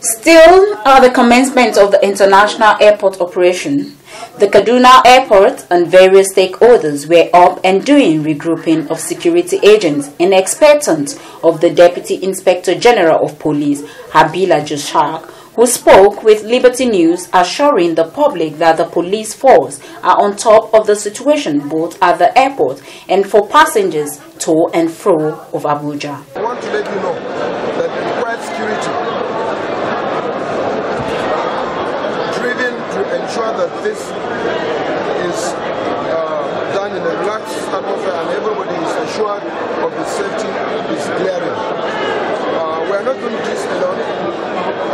Still at the commencement of the international airport operation, the Kaduna airport and various stakeholders were up and doing regrouping of security agents and expectant of the Deputy Inspector General of Police, Habila Joshak, who spoke with Liberty News assuring the public that the police force are on top of the situation both at the airport and for passengers to and fro of Abuja. that this is uh, done in a relaxed atmosphere and everybody is assured of the safety is glaring. Uh, we are not doing this alone.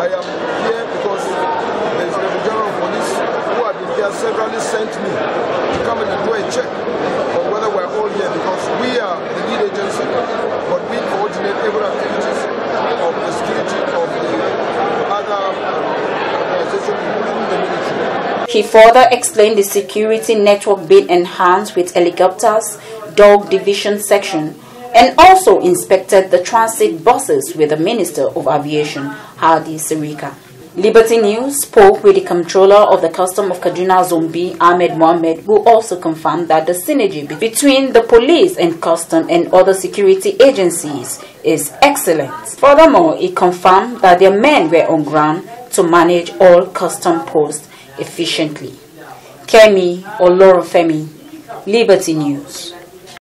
I am here because there is the General Police who have been here severally sent me to come and do a check He further explained the security network being enhanced with helicopters, dog division section, and also inspected the transit buses with the Minister of Aviation, Hadi Sirika. Liberty News spoke with the controller of the Custom of Kaduna Zombi, Ahmed Mohamed, who also confirmed that the synergy between the police and custom and other security agencies is excellent. Furthermore, he confirmed that their men were on ground to manage all custom posts efficiently. Kemi Olorofemi, Liberty News.